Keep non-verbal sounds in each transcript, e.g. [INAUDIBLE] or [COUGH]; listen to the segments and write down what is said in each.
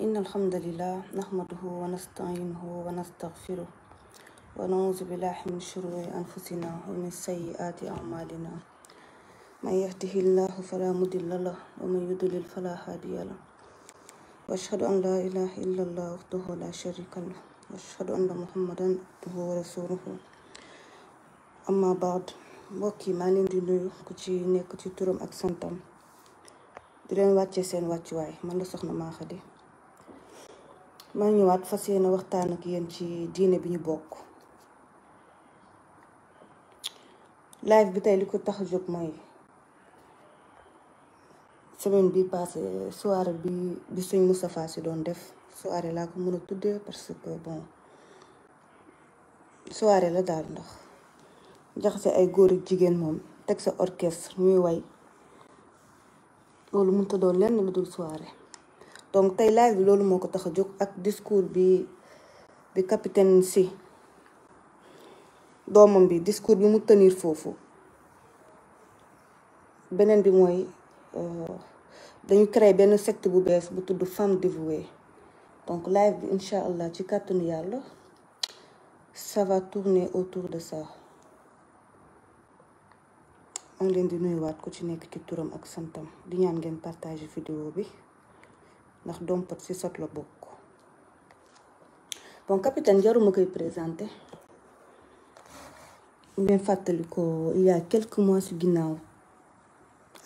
إن الحمد لله نحمده ونستعينه ونستغفره ونعوذ بالله من شرور أنفسنا ومن سيئات أعمالنا من يهده الله فلا مضل له ومن يضلل فلا هادي له وأشهد أن لا إله إلا الله وحده لا شريك له وأشهد أن محمدا عبده ورسوله أما بعد بوكي yi دي نويو di نيكو تي تورم اك ci دي لين واتي سين واتي واي مان لا سخنا ما خدي maa ñëwaat fas yéene waxtaan ak yéen ci diine bi ñu bokk live bi tey li ko tax a jóg mooy semaine bi passé soirée bi bi sëñ Moustapha Sy doon def soirée laa ko mën a tuddee parce que bon soirée la daal ndax jaxase ay góor ak jigéen moom teg sa orchestre ñuy way loolu mënta doon lenn lu dul soirée donc tey live bi moko moo ko ak discours bi bi capitaine C. doomam bi discours bi mu tenir fofu. Benen bi mooy euh, dañu créer benn secte bu bees bu tudd femme dévouée donc live bi incha allah ci kàttanu yàlla ça va tourner autour de ça maa ngi leen di nuyuwaat ku ci nekk ci turam ak santam di ñaan ngeen partager vidéo bi. ndax dompat ci sot la bokk bon capitaine jaruma koy présenté ngeen fàttali ko il y a quelques mois ci ginnaaw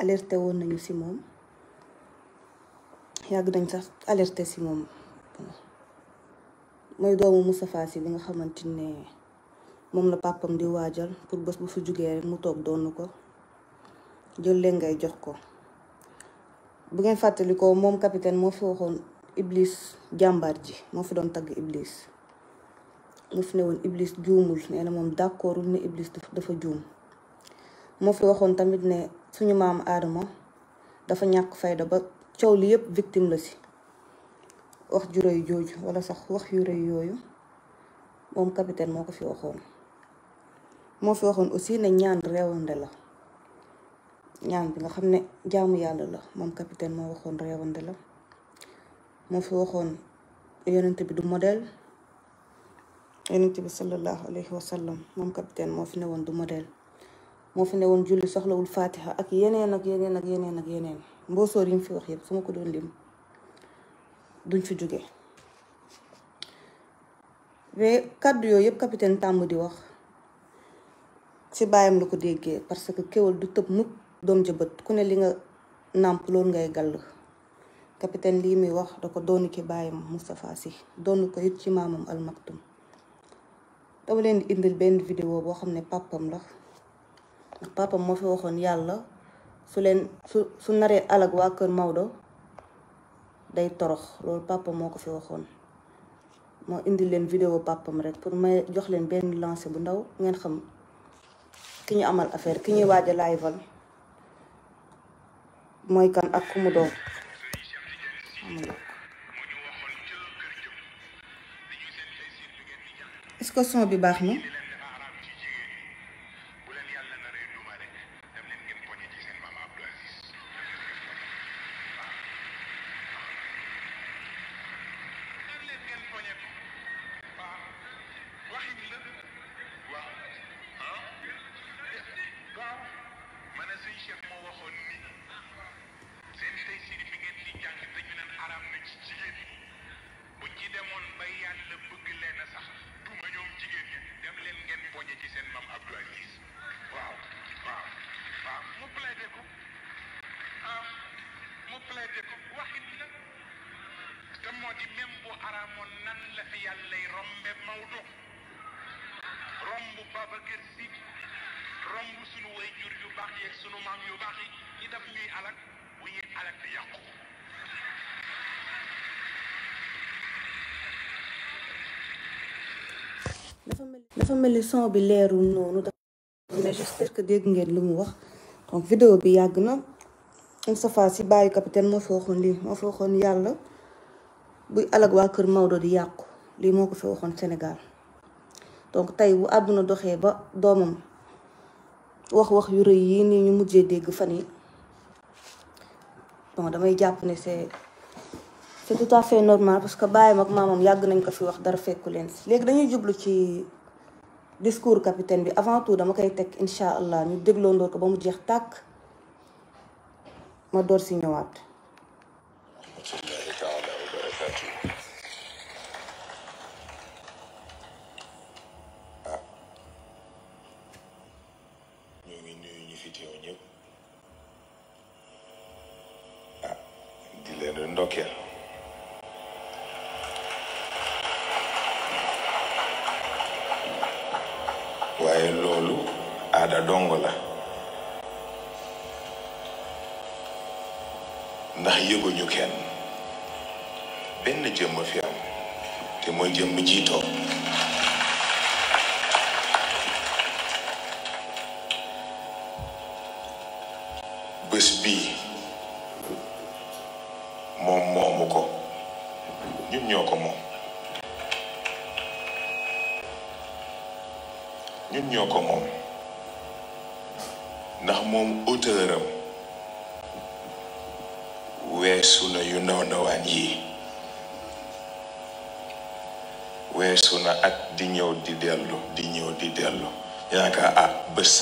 alerté woon nañu ci moom yàgg dañ sax alerté ci moom mooy doomu Moustapha Sy bi nga xamante ne moom la pàppam di waajal pour bés bu fi jugee mu toog doon ko jël leen ngay jox ko bu ngeen fàttalikoo moom capitaine moo fi waxoon iblis jàmbaar ji moo fi doon tagg iblis moo fi ne woon iblis juumul nee na moom d'accordul ne iblis dafa juum moo fi waxoon tamit ne suñu maam aadama dafa ñàkk fayda ba coow li yëpp victime la si wax ju jooju wala sax wax yu yooyu moom capitaine moo ko fi waxoon moo fi waxoon aussi ne ñaan reewande la ñaan bi nga xamne jaamu yàlla la mom capitaine mo waxoon rewande la mo fi waxoon yonent bi du model yonent bi sallallahu alayhi wa sallam mom capitaine mo fi ne du model mo fi ne woon julli soxlawul fatiha ak yeneen ak yeneen ak yeneen ak yeneen mboosoor yi mu fi wax yeb suma ko doon lim duñ fi jóge mais kàddu yo yeb capitaine tambu di wax ci bayam la ko déggee parce que kéwal du tëb mukk doom jëbët bët ku ne li nga nàmp loolu ngay gàll capitaine lii muy wax da ko doonu ki bàyyi Moustapha Sy doonu ko it ci maamam Almaktum dama leen di indil benn vidéo boo xam ne papam la ndax papam moo fi waxoon yàlla su leen su su naree alag waa kër Maodo day torox loolu papam moo ko fi waxoon moo indi leen vidéo papam rek pour may jox leen benn lancé bu ndaw ngeen xam ki ñu amal affaire ki ñuy waaj a live mooy ak ku mu doon est-ce que son bi baax ni dafa mel son bi leerul noonu dafa mais j'espère que dégg ngeen lu mu wax donc vidéo bi yàgg na Moustapha Sy bàyyi capitaine moo fi waxoon lii moo fi waxoon yàlla buy alag waa kër Maodo di yàqu lii moo ko fi waxoon Sénégal donc tey bu àdduna doxee ba doomam wax-wax yu rëy yi nii ñu mujjee dégg fan yi bon damay jàpp ne c'est tout à fait normal parce que baayam maamam yàgg nañ ko fi wax dara fekku leen léegi dañuy jublu ci discours capitaine bi avant tout dama kay tek inshallah ñu deglo ndor ko ba mu jeex tak ma dor ci ñëwaat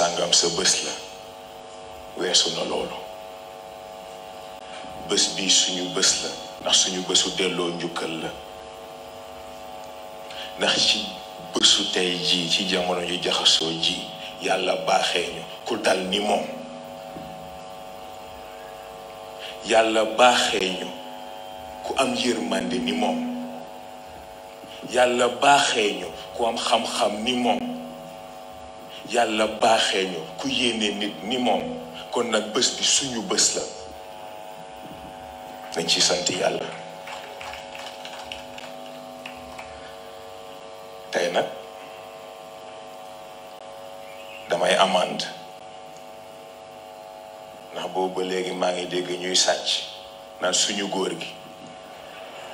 sàngam sa bés la weesu na loolu bés bii suñu bës la ndax suñu bësu delloo njukkal la ndax ci bësu tey jii ci jamono ju jaxasoo ji yàlla baaxee ñu ku dal ni moom yàlla baaxee ñu ku am yërmande ni moom yàlla baaxee ñu ku am xam-xam ni moom yàlla baaxee ñu ku yéene nit ni moom kon nag bés bi suñu bés la nañ ci sant yàlla tey nag damay amande ndax boobu ba léegi maa ngi dégg ñuy sàcc naan suñu góor gi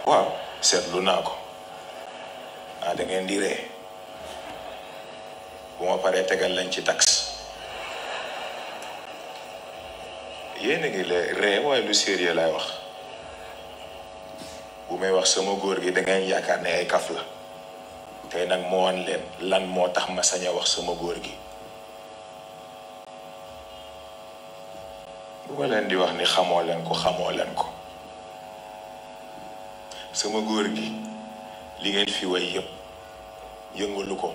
waaw seetlu naa ko waa ah, dangeen di ree kuma farete gallanci taxe tax a ngi le ree waaye lu serie lay wax bu may wax sama góor gi da ngay yaakaar ne ay kaf la tay nak mo won len lan mo tax ma saña wax sama gi bu di wax ni xamo len ko xamo len ko sama góor gi li ngeen fi way yeb yeungaluko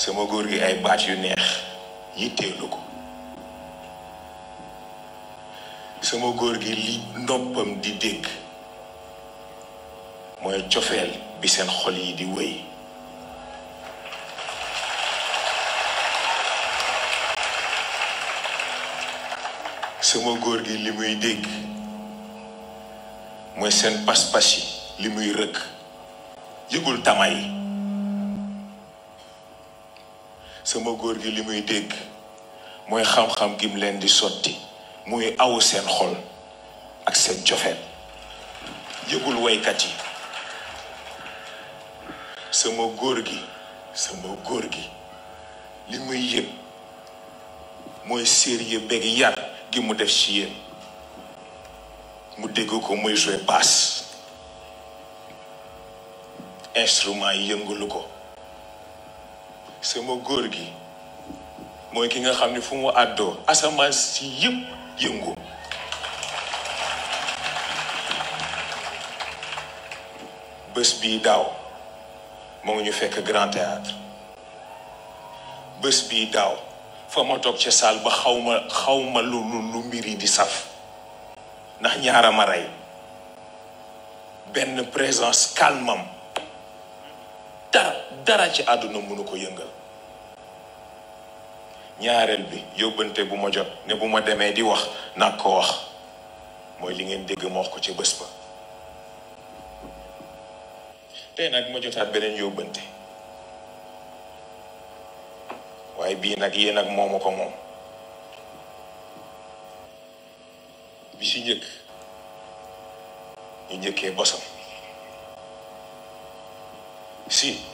sama góor gi ay baat yu neex yitteelu ko sama góor gi li noppam di dégg mooy cofeel bi seen xol yi di wéy sama góor gi li muy dégg mooy seen pas-pas yi li muy rëkk yëgul tama yi sama góor gi li muy dégg mooy xam-xam gim leen di sotti muy aw seen xol ak seen cofeel yëgul woykat yi sama góor gi sama góor gi li muy yëg mooy sérieux beeg yar gi mu def ci yéen mu dégg ko muy jouer basse instrument yi yëngulu ko ma góor gi mooy ki nga xam ni fu mu àddoo asamaan si yëpp yëngu bés bii daaw moo ñu fekk grand théâtre bés bii daaw fa ma toog ca saal ba xaw ma xaw ma lu lu mbir yi di saf ndax ñaara rey benn présence calmam dara dara ci àdduna mënu ko yëngal ñaareel bi yóbbante bu ma jot ne bu ma demee di wax nag ko wax mooy li ngeen dégg ma wax ko ca bés ba tey nag ma jotaat beneen yóbbante waaye bii nag yéen nag mooma ko moom bi ci njëkk ñu njëkkee bosam si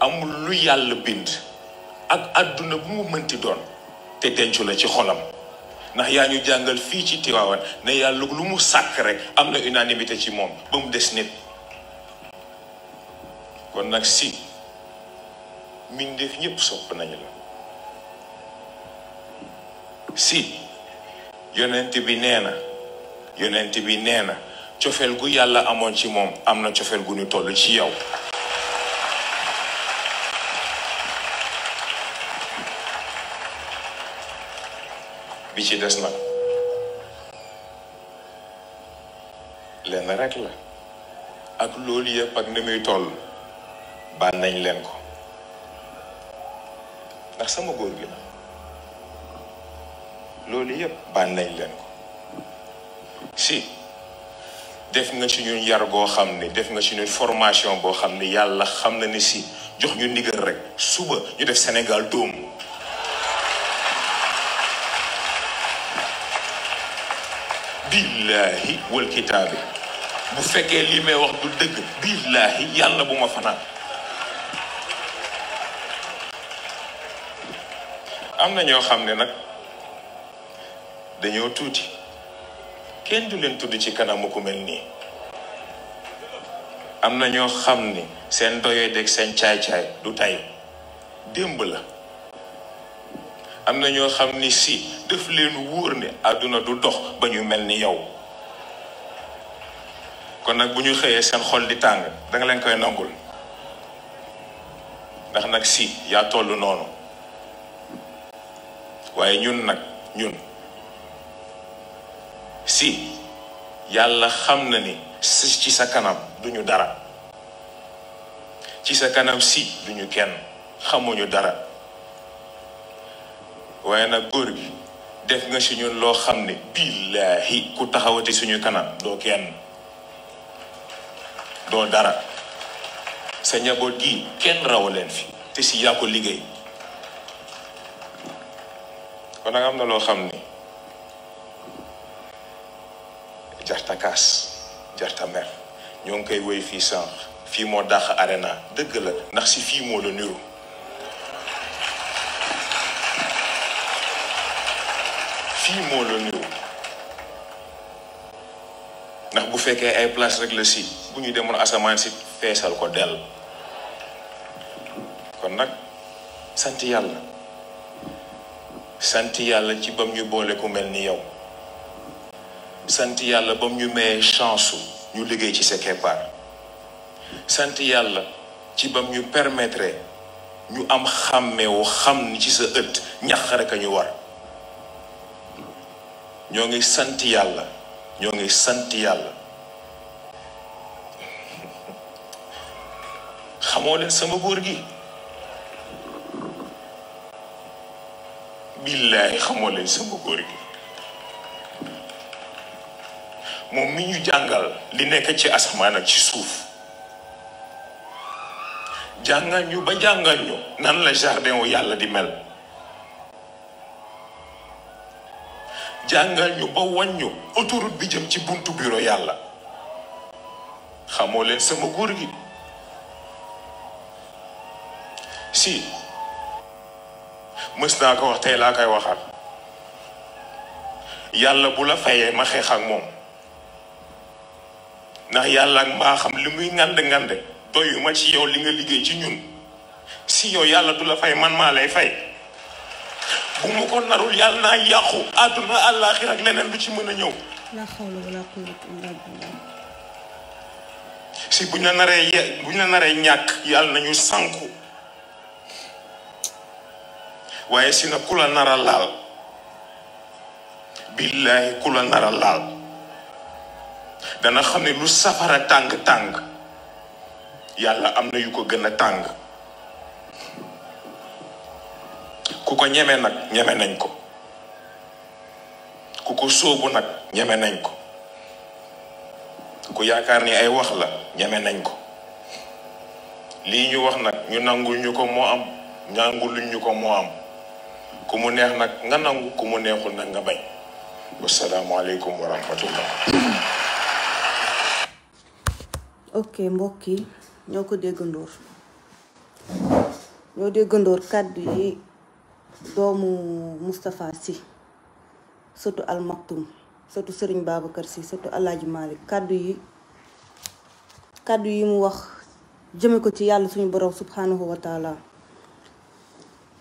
amul lu yàlla bind ak àdduna bu mu mënti doon te dencu la ci xolam ndax yaa ñu jàngal fii ci Tiwaawan ne yàlla lu mu sàkk rek am na unanimité ci moom ba mu des nit kon nag si mbindeef ñëpp sopp nañu la si yonent bi nee na yonent bi nee na cofeel gu yàlla amoon ci moom am na cofeel gu ñu toll ci yow bi ci des nag lenn rek la ak loolu yëpp ak ni muy toll baal leen ko ndax sama góor gi la loolu yëpp baal nañ leen ko si def nga ci ñun yar goo xam ne def nga ci ñun formation boo xam ne yàlla xam na ni si jox ñu ndigal rek suba ñu def Sénégal dóom billaahi wal kitaabi bu fekkee lii may wax du dëgg billaahi yàlla bu ma fanaan am na ñoo xam ne nag dañoo tuuti kenn du leen tudd ci kanamu ku mel nii am na ñoo xam ni seen doyee deg seen caay-caay du tay démb la am na ñoo xam ni si def leen wóor ne àdduna du dox ba ñu mel ni yow kon nag bu ñu xëyee seen xol di tàng da nga leen koy nangul ndax nag si yaa toll noonu waaye ñun nag ñun si yàlla xam na ni ci sa kanam duñu dara ci sa kanam si duñu kenn xamuñu dara waaye nag góor gi def nga si ñun loo billahi ku taxawati suñu kanam do kenn do dara sa njaboot gi kenn raw leen fi te ci yaa ko liggéey kon nga am na lo xam jarta kas jarta mer ñong kay koy fi sax fi mo dakh arena deug la ndax ci fi mo la nuyu sii moo la néew ndax bu fekkee ay place rek la si bu ñu demoon asamaan si feesal ko dell kon nag sant yàlla sant yàlla ci bam ñu boole ku mel ni yow sant yàlla bam ñu mayee chance ñu liggéey ci sa keppaar sant yàlla ci bam ñu permettre ñu am xàmmewu xam ni ci sa ëtt ñax rek a ñu war ñoo ngi sant yàlla ñoo ngi sant yàlla xamoo leen sama góor gi billaay xamoo leen sama góor gi moom mi ñu jàngal li nekk ci asmaan ak ci suuf jàngal ñu ba jàngal ñu nan la jardin wu yàlla di mel jangal ñu ba wàññu autoroute bi jëm ci buntu bureau yalla xamole sama goor gi si mës ko wax tay la kay waxaat yalla bu la fayé ma xex ak mom ndax yalla ak ma xam li ngand ngand doyuma ci yow li nga liggéey ci ñun si yow yalla du la fay man ma lay fay bu mu ko narul yàlla naa yàqu àdduna àllaaxira ak leneen lu ci mën a ñëw si buñ la naree ye buñ la naree ñàkk yàlla nañu sànku waaye si na ku la nara laal billaahi ku la nara laal dana xam ne lu safara tàng-tàng yàlla am na yu ko gën a tàng ku ko ñeme nag ñeme nañ ko ku ko sóobu nag ñeme nañ ko ku yaakaar ni ay wax la ñeme nañ ko lii ñu wax nag ñu nangul ñu ko moo am ñanguluñ ko moo am ku mu neex nag nga nangu ku mu neexul nag nga bay wasalaamaaleykum wa rahmatullah ok mbokk ñoo ko déggandoor ñoo déggandoor kàddu yi doomu Moustapha si sëtu Almaktum sëtu Serigne Babacar Sy sëtu Alaaji Malick kàddu yi kàddu yi mu wax jëme ko ci yàlla suñu borom subhanahu wa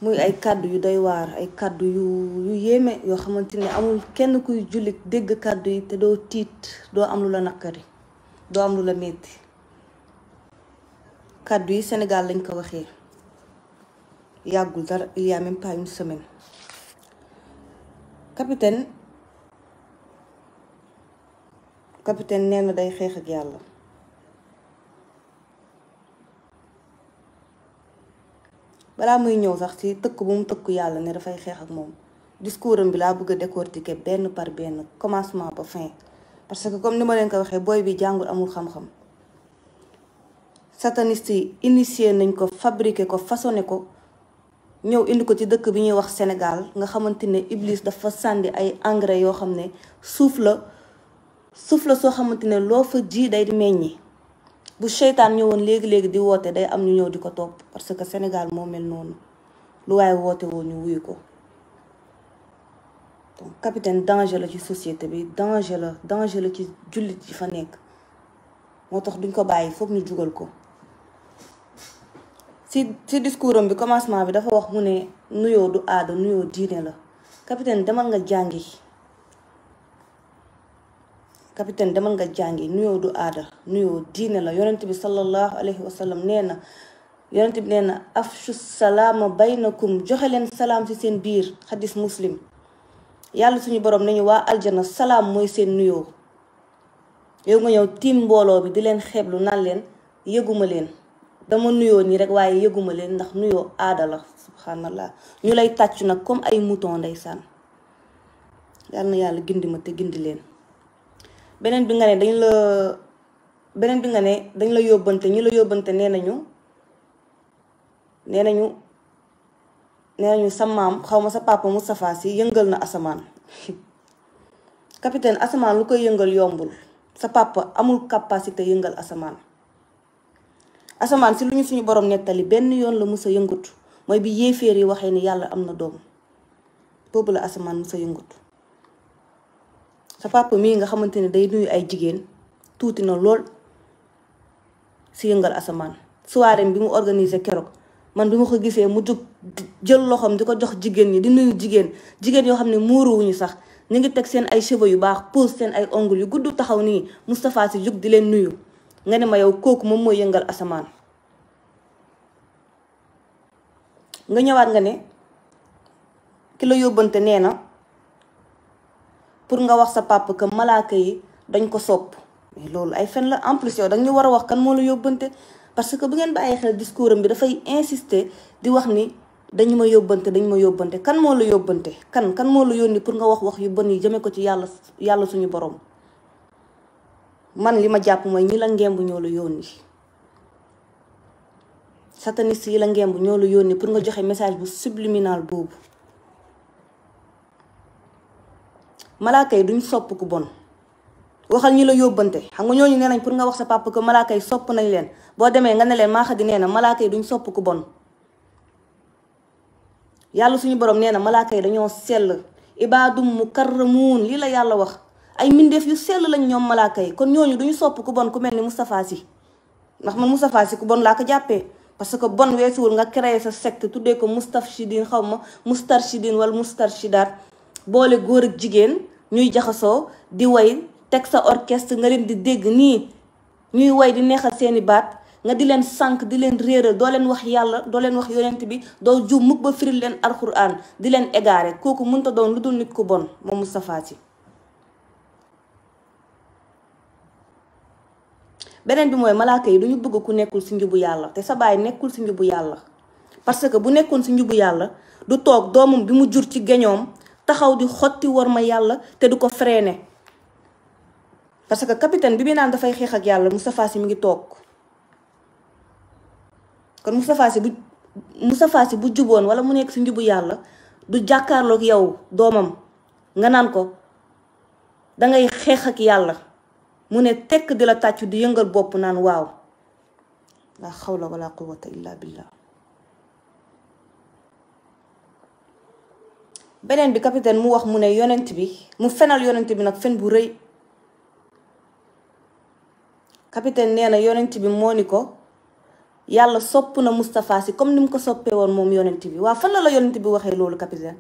muy ay kàddu yu day waar ay kàddu yu yu yéeme yoo xamante ne amul kenn kuy jullit dégg kàddu yi te doo tiit doo am lu la naqari doo am lu la metti kàddu yi senegal lañ ko waxee yàggul dara il y a même pas une semaine capitaine capitaine nee day xeex ak yàlla balaa muy ñëw sax ci tëkk bu mu tëkk yàlla ne dafay xeex ak moom discours bi laa bëgg a décortiquer benn par benn commencement ba fin parce que comme ni ma leen ko waxee booy bi jàngul amul xam-xam sataniste yi initier nañ ko fabriquer ko façonné ko ñëw indi ko ci dëkk bi ñuy wax Sénégal nga xamante ne Iblis dafa sànni ay engrais yoo xam ne suuf la suuf la soo xamante ne loo fa jii day meññi bu seytaan ñëwoon léegi léegi di woote day am ñu ñëw di ko topp parce que Sénégal moo mel noonu lu waaye woote woo ñu wuyu ko donc capitaine danger la ci société bi danger la danger la ci jullit yi fa nekk moo tax duñ ko bàyyi foog ñu jugal ko. si si discours bi commencement bi dafa wax mu ne nuyoo du aada nuyoo diine la capitaine demal nga jàngi capitaine demal nga jàngi nuyoo du aada nuyoo diine la yonent bi sallallahu alayhi wa nee na yonent bi nee na afshu salaama baynakum joxe leen salaam ci seen biir xadis muslim yàlla suñu borom nañu waa aljana salaam mooy seen nuyoo yow nga ñëw tiim mbooloo bi di leen xeeblu naan leen yëguma leen dama nuyoo nii rek waaye yëguma leen ndax nuyoo aadala la subhanallah ñu lay tàccu nag comme ay mouton ndeysaan yal na yàlla gindi ma te gindi leen beneen bi nga ne dañ la beneen bi nga ne dañ la yóbbante ñu la yóbbante nee nañu nee nañu nee nañu sa maam xaw ma sa papa Moustapha si yëngal na asamaan [LAUGHS] capitaine asamaan lu koy yëngal yombul sa papa amul capacité yëngal asamaan asamaan si lu ñu suñu borom nettali benn yoon la musa a yëngatu mooy bi yéeféer yi waxee ni yàlla am na doom boobu la asamaan mës a yëngatu sa papa mii nga xamante ne day nuyu ay jigéen tuuti na lool si yëngal asamaan soirée bi mu organisé keroog man bi ma ko gisee mu jug jël loxoom di ko jox jigéen ñi di nuyu jigéen jigéen yoo xam ne muuruwuñu sax ñu ngi teg seen ay cheveux yu baax pose seen ay ongles yu gudd taxaw nii Moustapha Sy jug di leen nuyu nga ne ma yow kooku moom mooy yëngal asamaan nga ñëwaat nga ne ki la yóbbante nee na pour nga wax sa papa que malaaka yi dañ ko sopp mais loolu ay fen la en plus yow dañ ñu war wax kan moo la yóbbante parce que bu ngeen bàyyi xel discours am bi dafay insister di wax ni dañ ma yóbbante dañ ma yóbbante kan moo la yóbbante kan kan moo la yónni pour nga wax wax yu bon yi jëme ko ci yàlla yàlla suñu borom man lima ma moy ñi la ngemb ñoo la yónni sataniste yi la ngemb ñoo pour nga joxe message bu subliminal bobu malaaka yi duñ sopp ku bon waxal ñi la yobante xam nga ñooñu nee nañ pour nga wax sa papa ko malaaka yi sopp nañ leen bo démé nga ne leen ma xadi neena malaaka yi duñ sopp ku bon yalla suñu borom neena malaaka yi dañoo sel ibadum mukarramun li la yalla wax ay mbindeef yu sell lañ ñoom malaaka yi kon ñooñu duñu sopp ku bon ku mel ni Moustapha Sy ndax ma Moustapha Sy ku bon laa ko jàppee parce que bon weesuwul nga créé sa secte tuddee ko Moustafchidine xaw ma Moustarchidine wala Moustarchidaat boole góor ak jigéen ñuy jaxasoo di woy teg sa orchestre nga leen di dégg nii ñuy way di neexal seeni baat nga di leen sànq di leen réeral doo leen wax yàlla doo leen wax yonent bi doo juum mukk ba firil leen alxuraan di leen égaré kooku mënta doon lu dul nit ku bon moom Moustapha beneen bi mooy malaaka yi du ñu bëgg ku nekkul si njubu yàlla te sa baay nekkul si njubu yàlla parce que bu nekkoon si njubu yàlla du toog doomam bi mu jur ci geñoom taxaw di xotti war ma yàlla te du ko ne parce que capitaine bi bi naan dafay xeex ak yàlla mu Moustapha Sy mu ngi toog kon Moustapha Sy bu Moustapha Sy bu juboon wala mu nekk si njubu yàlla du jàkkaarloog yow doomam nga naan ko dangay xeex ak yàlla mu ne tekk di la tàccu di yëngal bopp naan waaw la xawla wala quwwata illa billah beneen bi capitaine mu wax mu ne yonent bi mu fenal yonent bi nag fen bu rëy capitaine nee na yonent bi moo ni ko yàlla sopp na Moustapha Sy comme ni mu ko soppee woon moom yonent bi waaw fan la la yonent bi waxee loolu capitaine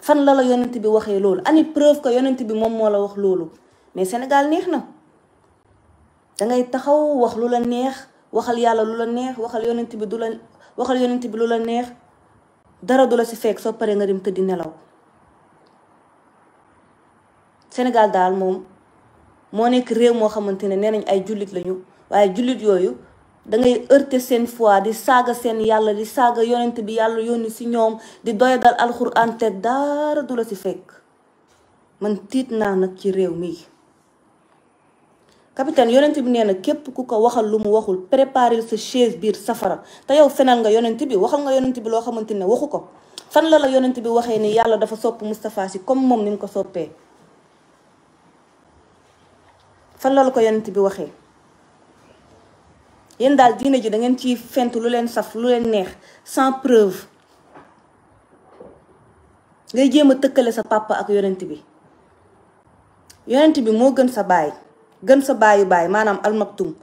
fan la la yonent bi waxee loolu ani preuve que yonent bi moom moo la wax loolu mais Sénégal neex na ngay taxaw wax lula neex waxal yalla lula neex waxal yonent bi dula waxal yonent bi lula neex dara dula ci fek so pare paree nga dem di nelaw senegal dal mom mo nek rew mo xamantene nenañ ay julit lañu julit yoyu da ngay heurté sen foi di saga sen yalla di saga yonent bi yalla yoni ci ñom di dal alcorane te dara dula ci fek man tit na nak ci rew mi. capitaine yonent bi nee na képp ku ko waxal lu mu waxul préparer sa chaise biir safara te yow fenal nga yonent bi waxal nga yonent bi loo xamante ne waxu ko fan la la yonent bi waxee ni yàlla dafa sopp Moustapha Sy comme moom ni ko soppee la ko yonent bi waxee yéen daal diine ji da ngeen ciy fent lu leen saf lu leen neex sans preuve ngay jéem a tëkkale sa papa ak yonent bi yonent bi moo gën sa baay. gën sa yu baay maanaam almaktum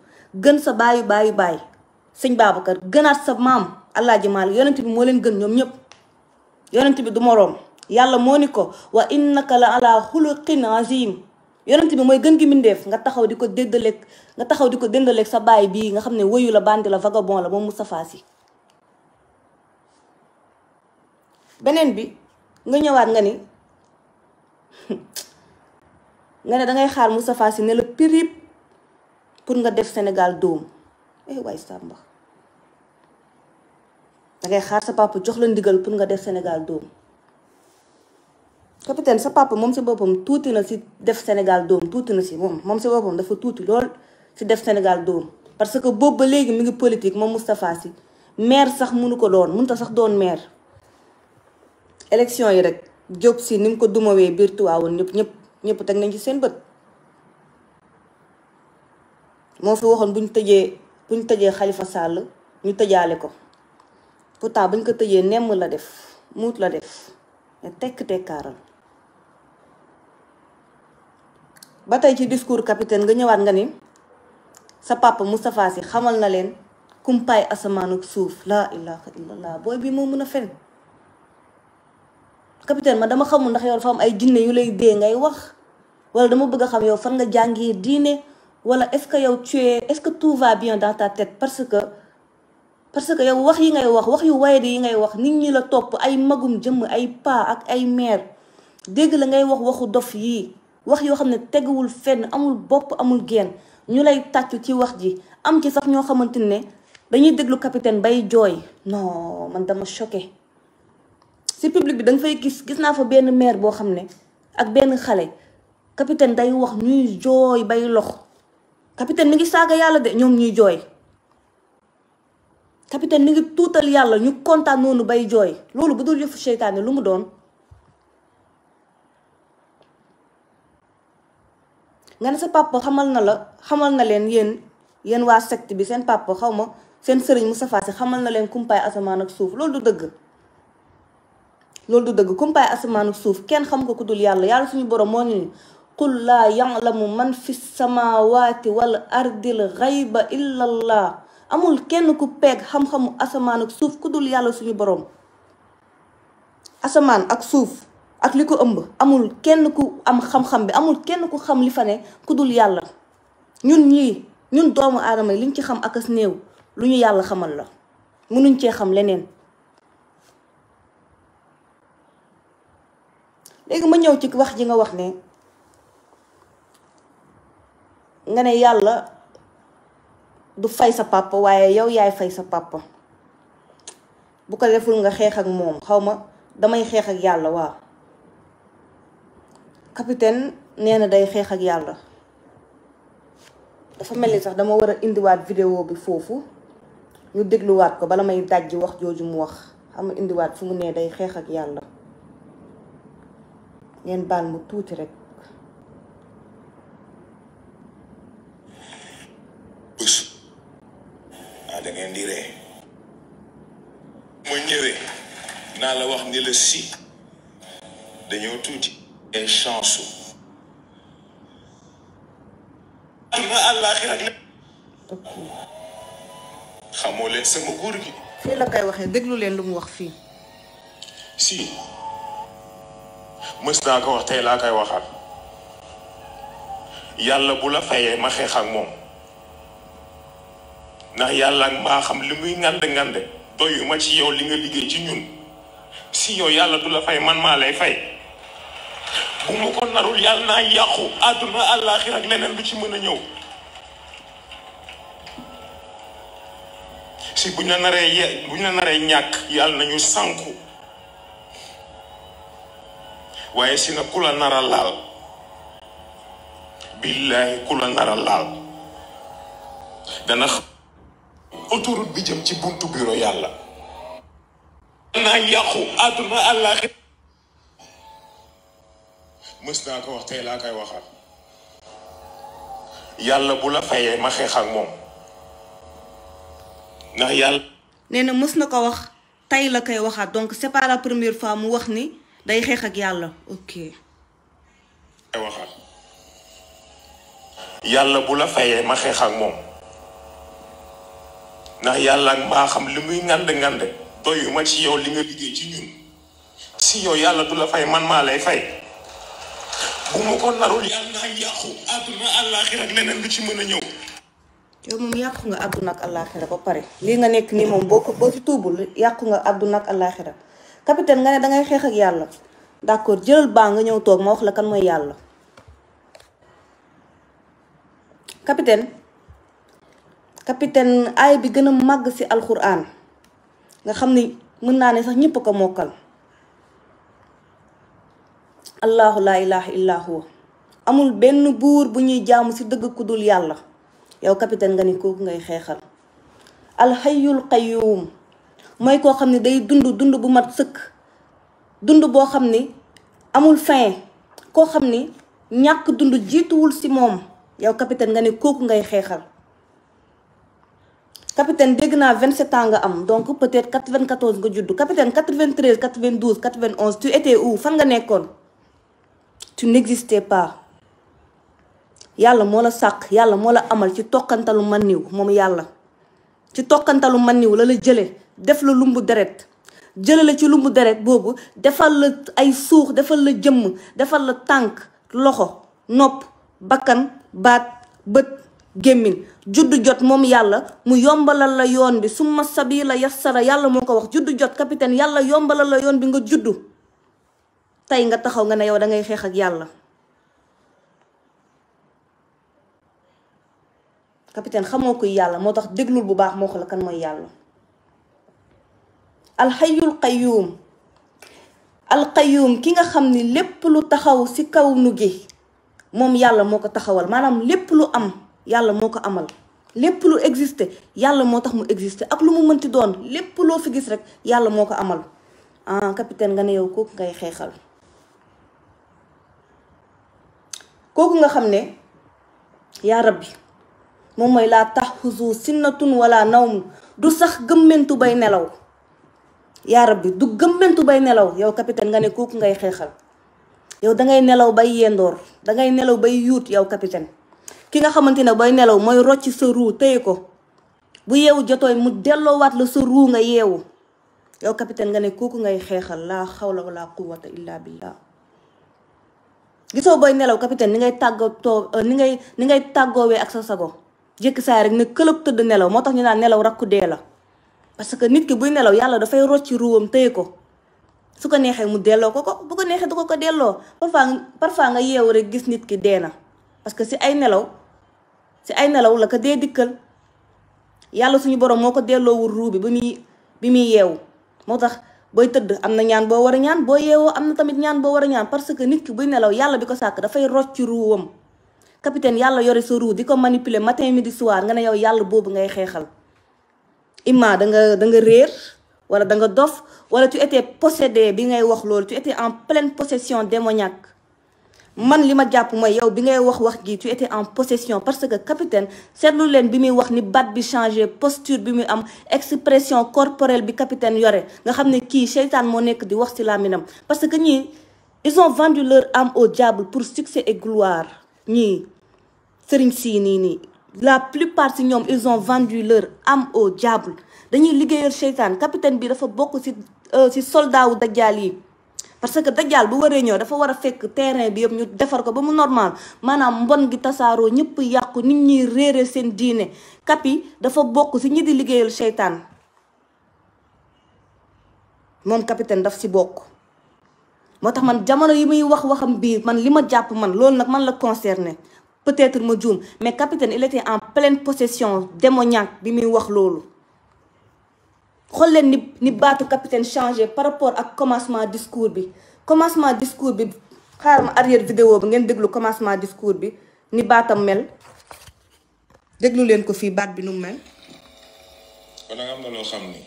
gën sa baayu yu baay sëñ Babacar gënaat sa maam Alaaji Maalik yonent bi moo leen gën ñoom ñëpp yonent bi du moroom yàlla moo ni ko wa innaka la ala xuluqin azim yonent bi mooy gën gi mbindeef nga taxaw di ko déddaleeg nga taxaw di ko déndaleeg sa baay bii nga xam ne wëyu la bandi la vagabond la moom Moustapha Sy beneen bi nga ñëwaat nga ni [LAUGHS] nga ne dangay xaar Moustapha Sy ne pirip pour nga def Sénégal doom eh waay Samba dangay xaar sa papa jox la ndigal pour nga def Sénégal dóom capitaine sa papa moom si boppam tuuti na si def Sénégal dóom tuuti na si moom moom si boppam dafa tuuti lool si def Sénégal dóom parce que boobu ba léegi mi ngi politique moom Moustapha si maire sax munu ko doon mënut a sax doon maire élection yi rek Diop si ni mu ko dumawee biir Tivaouane ñëpp ñëpp ñëpp teg nañ ci seen bët. mo fi waxon buñ tëjee buñ tëjee Khalifa Sall ñu tëjaale ko pourtant buñ ko tëjee nemm la def muut la def ne tek tekkaaral ba tey ci discours capitaine nga ñëwaat nga ni sa papa mustapha Sy xamal na len kumpaay asamaan ak suuf la ilaha illallah boy bi mo mën fen capitaine ma dama xamul ndax yow fa am ay jinne yu lay dee ngay wax wala dama bëgg xam yow fan nga jangé diiné wala est-ce que yow tu es ce que tout va bien dans parce que parce que yow wax yi ngay wax wax yu wayde yi ngay wax nit ñi la topp ay magum jëmm ay pa ak ay mère dégg la ngay wax waxu dof yii wax yoo xam ne teguwul fenn amul bopp amul geen ñu lay tàccu ci wax ji am ci sax ñoo xamante ne dañuy déglu capitaine bay jooy non man dama choqué si public bi da fay gis gis naa fa benn maire boo xam ne ak benn xale capitaine day wax ñuy jooy bay lox capitaine mi ngi saaga yàlla de ñoom ñuy jooy capitaine mi ngi tuutal yàlla ñu kontaan noonu bay jooy loolu ba dul yëfu seytaane lu mu doon nga ne sa papa xamal na la xamal na leen yéen yéen waa sect bi seen papa xaw ma seen sëriñ mu Moustapha Sy xamal na leen kumpaay asamaan ak suuf loolu du dëgg loolu du dëgg kumpaay asamaan ak suuf kenn xam ko ku dul yàlla yàlla suñu borom moo ni قل لا يعلم من في السماوات والأرض الغيب إلا الله amul kenn Amul peeg xam-xamu asamaan ak suuf kudul dul yàlla suñu Asaman ak suuf ak li ëmb amul kenn ku am xam-xam bi amul kenn ku xam li fa ne ku dul yàlla ñun ñii ñun doomu aadama yi liñ ci xam akas néew lu ñu yàlla xamal la mënuñ cee xam leneen léegi ma ñëw ci wax ji nga wax ne nga ne yàlla du fay sa papa waaye yow yaay fay sa papa bu ko deful nga xeex ak moom xaw ma damay xeex ak yàlla waa capitaine nee na day xeex ak yàlla dafa mel ni sax dama war a indiwaat vidéo bi foofu ñu dégluwaat ko bala may dajji wax jooju mu wax xam indiwaat fu mu nee day xeex ak yàlla ngeen baal mu tuuti rek ah da ngeen di ñëwee naa la wax ni la si dañoo tuuti ay chance am na xamoo leen sama góor gi fii la koy waxee déglu leen lu mu wax fii si mës naa wax tey laa koy waxaat yàlla bu la fayee ma xeex moom ndax yàlla ak maa xam li muy ngande ngande doyu ma ci yow li nga liggéey ci ñun si yow yàlla du la fay man maa lay fay bu ma ko narul yàlla naa yàqu àdduna àllaaxir ak leneen lu ci mën a ñëw si buñ la naree ye buñ la naree ñàkk yàlla nañu sànku waaye si na ku la nara laal billahi ku la nara laal dana autoroute bi jëm ci buntu bureau yàlla yàqu àdduna àlla wax laa koy waxaat yàlla bu la fayee ma xeex moom ndax yàlla nee na mës na ko wax tey la koy waxaat donc c'est pas la première fois mu wax ni day xeex ak yàlla ok waxaat yàlla bu la fayee ma xeex moom na yalla ak xam limuy ngand ngand ngande doyuma ci yow li nga liggéey ci ñun si yow yalla du la fay man ma lay fay bu mu ko narul nga yàqu aduna alakhir ak leneen lu ci mëna ñëw yow mom yàqu nga aduna ak alakhir ba pare li nga nekk ni mom boko bo ci tubul yàqu nga aduna ak alakhir capitaine nga ne ngay xex ak yalla d'accord jël ba nga ñëw tok ma wax la kan moy yalla capitaine capitaine ay bi magasi mag ci alquran nga xamni mën na ne sax ñepp ko mokal allah la ilaha illa hu amul benn buur bu ñuy jaam ci dëgg ku dul yàlla yow capitaine nga ni ko ngay al hayyul qayyum moy ko xamni day dund dund bu mat sëkk dund bo xamni amul fin ko xamni ñak dund jitu wul ci mom yow capitaine nga ni ko ngay capitaine degna 27 ans am donc peut-être 94 nga juddu capitaine 93 92 91 tu étais où fan nga nekkoon tu n'existais pas yalla moo la sàkk yalla moo la amal ci tokantalu maniw mom yalla ci tokantalu maniw la la jële def la lumbu deret jële la ci lumbu deret bobu defal la ay suux defal la jëm defal la tank loxo nop bakan bat beut gémmiñ juddu jot momi yalla mu yombalal la yoon bi summa sabila yassara yalla moko wax juddu jot capitaine yalla yombalal la yoon bi nga juddu tay nga taxaw nga ne yow da ngay xex ak yalla capitaine xamoko yalla motax deglul bu baax moko la kan al hayyul qayyum al qayyum ki nga xamni lepp lu taxaw ci kaw nu gi mom yalla moko taxawal manam lepp lu am yàlla moo ko amal lépp lu existé yàlla moo tax mu existé ak lu mu mënti doon lépp loo fi gis rek yàlla moo ko amal ah capitaine nga ne yow kooku ngay xeexal kooku nga xam ne yaa rabbi moom mooy laa taxuzu sinnatun wala nawm du sax gëmmentu bay nelaw yaa rabbi du gëmmentu bay nelaw yow capitaine nga ne kooku ngay xeexal yow dangay nelaw bay yendoor dangay nelaw bay yuut yow capitaine ki nga xamante ne booy nelaw mooy rocc sa ruu téye ko bu yeewu jotooy mu delloowaat la sa ruu nga yeewu yow capitaine nga ne kooku ngay xeexal laa xaw xawla wala quwwata illa billah gisoo booy nelaw capitaine ni ngay tàggoo tàggatoo euh, ni ngay ni ngay tàggoowee ak sa sago jékki saa rek ne këlëb tëdd nelaw moo tax ñu naan nelaw rakku dee la parce que nit ki buy nelaw yàlla dafay rocci ruwam téye ko su ko neexee mu delloo ko ko bu ko neexee du ko ko delloo parfois parfois nga rek gis nit ki dee na parce que si ay nelaw ci ay nelaw la ko dee dikkal yàlla suñu borom moo ko delloowul ruu bi ba muy bi muy yeewu moo tax booy tëdd am na ñaan boo war a ñaan boo yeewoo am na tamit ñaan boo war a ñaan parce que nit ki buy nelaw yàlla bi ko sàkk dafay rocc ci ruuwam capitaine yàlla yore sa ruu di ko manipuler matin midi soir nga ne yow yàlla boobu ngay xeexal imma da nga da nga réer wala da nga dof wala tu étais possédé bi ngay wax loolu tu étais en pleine possession démoniaque man lima japp moy yow bi ngay wax wax gi tu étais en possession parce que capitaine seetlu len bi mi wax ni bat bi changé posture bi mi am expression corporelle bi capitaine yoré nga xamné ki kii mo nek di wax ci laminam parce que ñi ils ont vendu leur âme au diable pour succès et gloire ñi sëriñ si ni la plupart ci ñom ils ont vendu leur âme au diable dañuy liggéeyal seytaan capitaine bi dafa beaucoup ci euh, ci soldat wu dajjaal yi parce que dajal bu waree ñëw dafa wara fekk terrain bi yëp ñu défar ko ba mu normal manam mbon gi tassaro ñëpp yàqu nit ñi réré seen diiné kapi dafa bokku ci ñi di ligéyal shaytan mom capitaine daf si bokk motax man jamono yi muy wax waxam bi man lima japp man lool nak man la concerné peut-être ma djoum mais capitaine il était en pleine possession démoniaque bi muy wax xool ni ni capitaine changé par rapport ak commencement discours bi commencement discours bi xaar ma arrière vidéo bi ngeen déglu commencement discours bi ni batam mel déglu len ko fi bat bi nu mel. kon nga am na lo xamni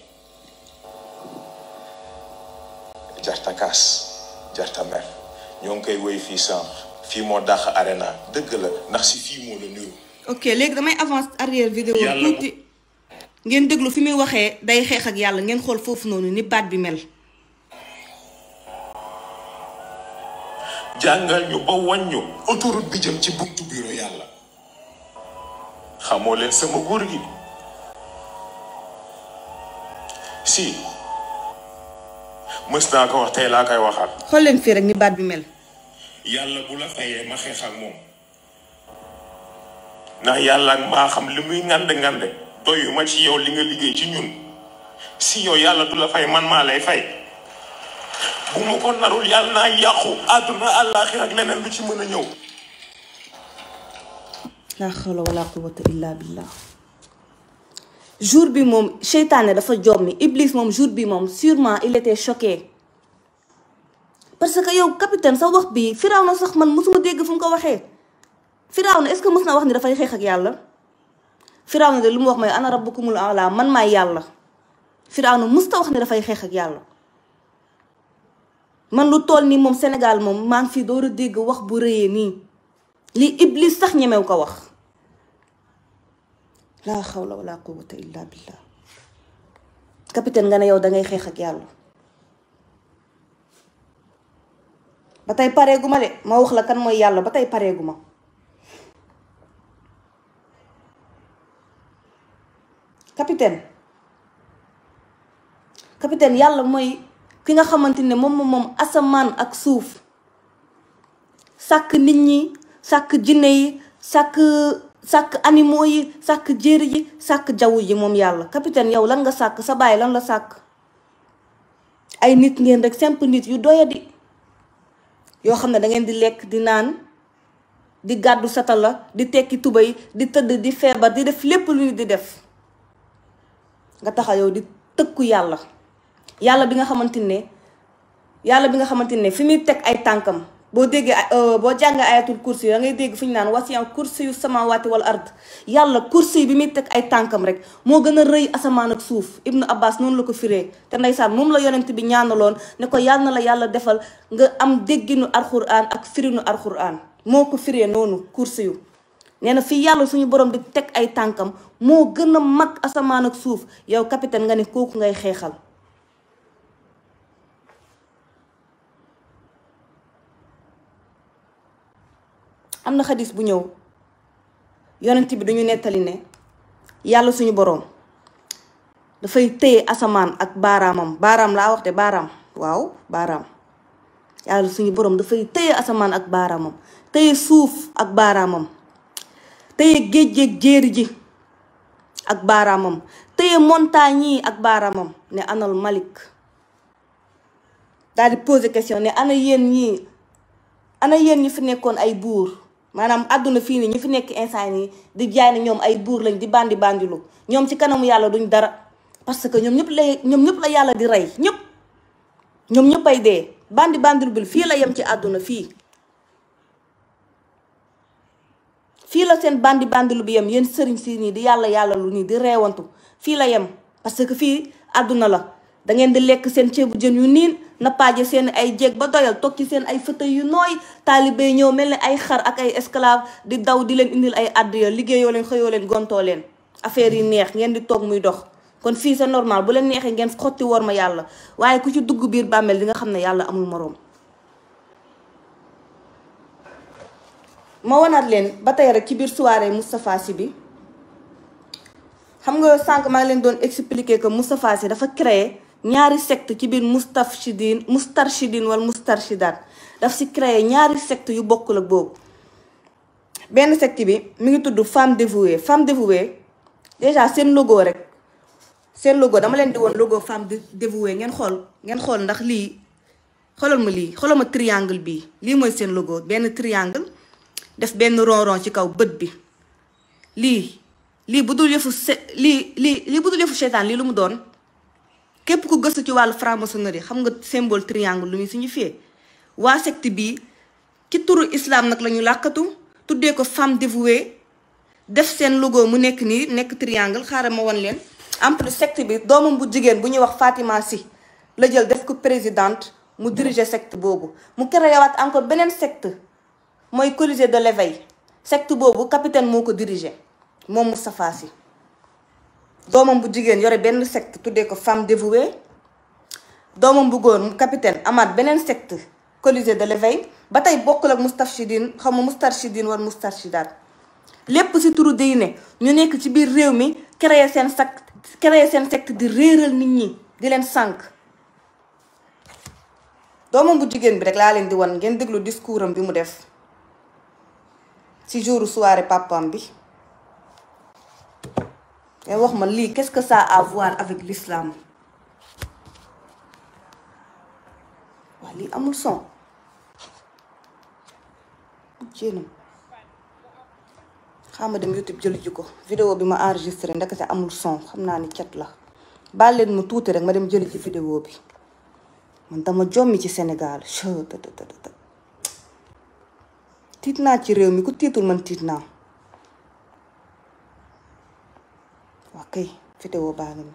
jarta kaas jarta mer ñong kay woy fi fii fi mo dakh arena deug la nax si fi mo la nuyu. ok léegi damay avance arrière vidéo tuuti. ngeen deglu fi mi waxe day xex ak yalla ngeen xol fofu nonu ni baat bi mel jangal ñu ba wañu autour bi jëm ci buntu bureau yàlla xamoo sama goor gi si mës ko wax tay la kay waxat xol leen fi rek ni baat bi mel yalla bu la fayé ma xex ak mom na yalla ak ma xam limuy ngand ngande doyu ma ci yow li nga liggéey ci ñun si yow yàlla du la fay man maa lay fay bu ma ko narul yàlla naa yàqu àdduna àllaaxira ak leneen lu ci mën a ñëw la xawla wala quwwata illa billah jour bi moom seytaane dafa jommi iblis moom jour bi moom sûrement il était choqué parce que yow capitaine sa wax bi Firawna sax man mosuma dégg fu mu ko waxee Firawna est-ce que mos na wax ni dafay xeex ak yàlla firawna de lu mu wax mooy ana rabbukumul ala man maay yàlla firawna musta wax ne dafay xeex ak yàlla man lu tool nii moom Sénégal moom maa ngi fi door a dégg wax bu rëyee nii li iblis sax ñemew ko wax laa xawla wala quwwata illa billah capitaine nga ne yow dangay xeex ak yàlla ba tey pareegu ma de ma wax la kan mooy yàlla ba tey pareegu ma capitaine capitaine yalla moy, ki nga xamantene mom mom asaman ak souf sak nit ñi sak jinne yi sak sak animaux yi sak jéer yi sak jaww yi mom yalla capitaine yow lan nga sak sa baay lan la sak ay nit ngeen rek simple nit yu doya di, yo xamne da ngeen di lek di nan di gaddu satala di tekki tubay di teud di febar di def lepp lu di def nga taxaw di tëkku yàlla yàlla bi nga xamantene yàlla bi nga xamantene ne fi ay tànkam bo déggee bo jang ayatul kursi nga ngay dégg fi ñu naan wasiyan kursi yu wal ard yàlla kursi bi mi tek ay tànkam rek mo gëna reuy asaman ak suuf ibnu abbas non la ko firé te ndeysaan mom la yonent bi ñaanaloon ne ko yàlla la yàlla defal nga am dégginu alquran ak firinu alquran moko firé nonu kursi yu nee na fii yàlla suñu borom di teg ay tànkam moo gën a mag asamaan ak suuf yow capitaine nga ne kooku ngay xeexal am na xadis bu ñëw yonent bi duñu nettali ne yàlla suñu boroom dafay téye asamaan ak baaraamam baaraam laa wax de baaraam waaw baaraam yàlla suñu boroom dafay téye asamaan ak baaraamam téye suuf ak baaraamam téye géej géej jéeri ji ak baaraamam téye montagne yi ak baaraamam ne anal malik daal di poser question ne ana yéen ñi ana yéen ñi fi nekkoon ay buur maanaam àdduna fii nii ñi fi nekk instant yi di jaay ne ñoom ay buur lañ di bandi bandilu ñoom ci kanamu yàlla duñ dara parce que ñoom ñëpp la ñoom ñëpp la yàlla di rey ñëpp ñoom ñëpp ay dee bandi bandilu bi fii la yem ci àdduna fii fii la seen bandi bandi lu bi yem yéen sëriñ si nii di yàlla yàlla lu nii di reewantu fii la yem parce que fii àdduna la da ngeen di lekk seen ceebu jën yu niin nappaaje seen ay jeg ba doyal toog ci seen ay fauteuil yu nooy taalibe ñëw mel ni ay xar ak ay esclave di daw di leen indil ay àddiya liggéeyoo leen xëyoo leen gontoo leen affaire yi neex ngeen di toog muy dox kon fii c'est normal bu leen neexee ngeen xotti war ma yàlla waaye ku ci dugg biir bàmmeel di nga xam ne yàlla amul moroom ma wanaat leen ba tey rek ci biir soirée Moustapha Sy bi xam nga sànq maa ngi leen doon expliquer ko Moustapha Sy dafa créer ñaari secte ci biir Moustafchidin Moustarchidin wala Moustarchidat daf si créer ñaari secte yu bokkul ak boobu benn secte bi mu ngi tudd femme dévouée femme dévouée déjà seen logo rek seen logo dama leen di woon logo femme dévouée ngeen xool ngeen xool ndax lii xolal ma lii xoolal ma triangle bi lii mooy seen logo benn triangle def benn ronron ci kaw bët bi lii lii bu dul yëfu se lii lii lii bu dul yëfu seytaan lii lu mu doon képp ku gëstu ci wàllu franc-maçonnerie xam nga symbole triangle lu ñu signifié waa secte bi ci turu islam nag la ñu làkkatu tuddee ko femme dévouée def seen logo mu nekk nii nekk triangle xaaral ma won leen en plus secte bi doomam bu jigéen bu ñuy wax Fatima Sy la jël def ko présidente mu diriger secte boobu mu créé waat encore beneen secte moy Colisée de l'éveil secte bobu capitaine moko diriger dirigé Moustapha si domam bu jigéen yoré ben secte tuddé ko femme dévouée domam bu góor capitaine amad benen secte Colisée de l'éveil batay tey bokkul ak Moustachidine xam nga Moustachidine war Moustachidaat lepp ci turu diine ñu nekk ci biir réew mi créer sen secte créer sen secte di réeral nit ñi di len sank domam bu jigéen bi rek la len di won ngeen déglu discoursam bi mu def ci jour et papam bi et wax ma qu'est-ce que ça a à voir avec l'islam wa li amul son dem youtube jël ko vidéo bi ma enregistré ndekete amul son xamna ni chat la mon mu touti rek ma dem jëli ci vidéo bi man dama jommi ci Sénégal tiit naa ci réew mi ku tiitul man tiit naa waa kay vidéo baa ngi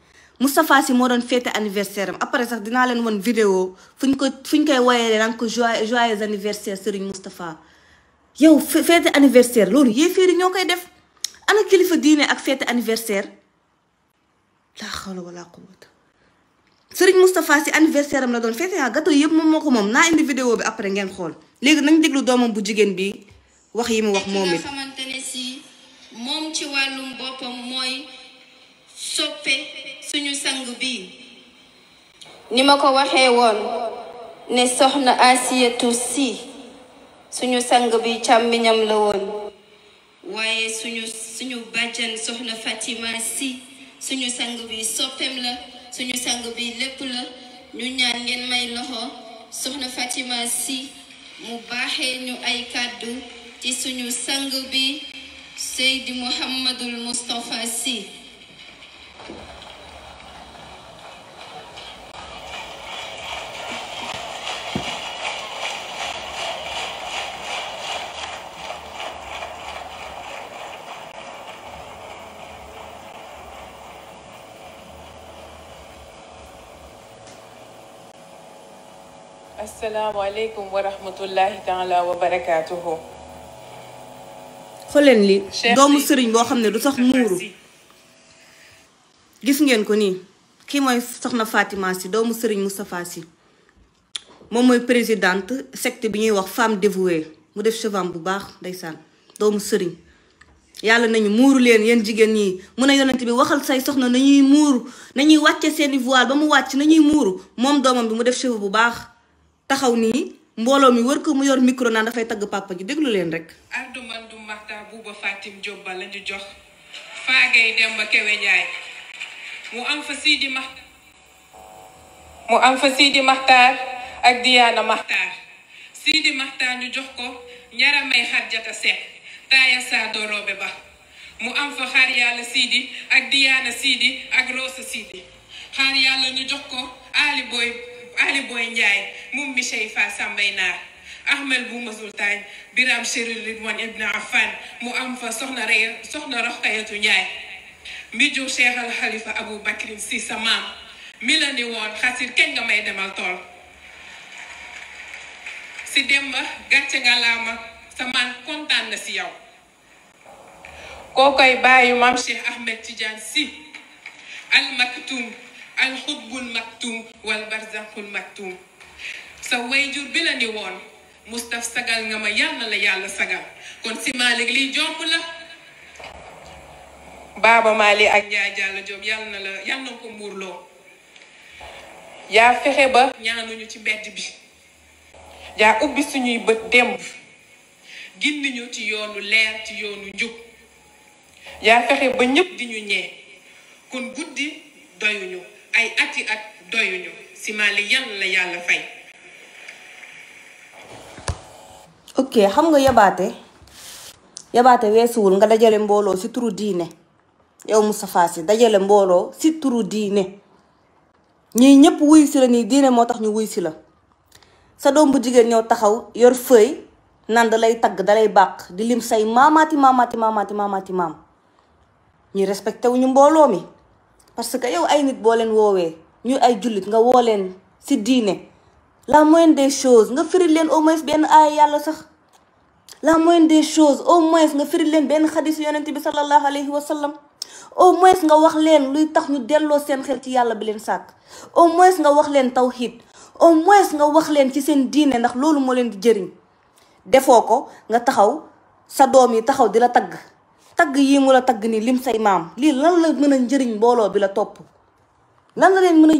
مصطفى سي مورون فيتا انيفرسير ابار سا دينا لن ون فيديو فين كو فين كاي واي ران كو جوا جوايز انيفرسير سيري مصطفى يو فيتا انيفرسير لور يي في ريون كاي ديف انا كليفا ديني اك فيتا انيفرسير لا حول ولا قوه سيري مصطفى سي انيفرسير ام لا دون فيتا غاتو ييب موم موكو موم نا اندي فيديو بي ابار نين خول ليغ نان ديغلو دومم بو جيجن بي واخ يي مي واخ مومي sang bi ni ma ko waxee woon ne soxna Asiyatu Si suñu sang bi càmmiñam la woon waaye suñu suñu bàjjan soxna Fatima Si suñu sang bi soppeem la suñu sang bi lépp la ñu ñaan ngeen may loxo soxna Fatima Si mu baaxee ñu ay kàddu ci suñu sang bi Seydi Muhammadul Mustafa Si السلام عليكم ورحمة الله تعالى وبركاته xool leen lii doomu sëriñ boo xam ne du sax muuru gis ngeen ko nii kii mooy soxna Fatima si doomu sëriñ Moustapha si moom mooy présidente secte bi ñuy wax femme dévouée mu def chevam bu baax ndeysaan doomu sëriñ yàlla nañu muuru leen yéen jigéen ñi mun a yonent bi waxal say soxna nañuy muuru nañuy wàcce seeni voile ba mu wàcc nañuy muuru moom doomam bi mu def cheveux bu baax taxaw ni mbolo mi wër ko mu yor micro na da fay tag papa ji deglu len rek ardu man du makta buba fatim jobba lañu jox fagay dem ba kewe nyaay mu am fa sidi mu am fa sidi makhtar ak diana makhtar sidi makhtar ñu jox ko ñara may xarjata taya sa do robe ba mu am fa xar yàlla sidi ak diana sidi ak rosa sidi xar yàlla ñu jox ko ali boy Ali Boy Ndiaye moom mi Cheyfa Sambay Naar Ahmed Bouma Sultaan Biram Chérif Ridwan Ibn Affan mu am fa soxna Rey soxna Roxayatu Ndiaye mi jur Cheikh Al Khalifa Abou Bakrin si sa maam mi la ni woon xasir kenn nga may demal tool si dem gàcce nga laama sa maan kontaan na si yow kookoy bàyyu maam Cheikh Ahmed Tidiane si Al Maktoum Al-Hubbul maktum wal Barzakhul maktum sa wayjur bi la ni won mustaf sagal nga ma la yalla sagal kon si Malik li jomb la baaba Mali ak Njaay jalla jom yalla na la yalla ko muurloo Ya fexe ba ñu ci bedd bi Ya ubbi suñuy demb. Ginn ñu ci yoonu leer ci yoonu njub Ya ba ñepp di ñu kon gudi ñu. ay at yi doyuñu si Mali yan la yàlla fay. ok xam nga yabaate yabaate weesuwul nga dajale mbooloo si turu diine yow Moustapha Sy dajale mbooloo si turu diine ñii ñëpp wuyu si la nii diine moo tax ñu wuy si la sa doom bu jigéen ñëw taxaw yor fëy naan da lay tagg da bàq di lim say maamaati maamaati maamaati maamaati maam ñi respecté wuñu mbooloo mi. parce que yow ay nit boo leen woowee ñu ay jullit nga woo leen si diine la moindre des choses nga firil leen au moins benn aaya yàlla sax la moindre des choses au moins nga firil leen benn xadis yonent bi sallallahu alayhi wa sallam au moins nga wax leen luy tax ñu delloo seen xel ci yàlla bi leen sàkk au moins nga wax leen tawxiid au moins nga wax leen ci seen diine ndax loolu moo leen di jëriñ defoo ko nga taxaw sa doom yi taxaw di la tagg tag yi mu la tag ni lim say mam li lan la meuna a njëriñ bi la top lan la len meuna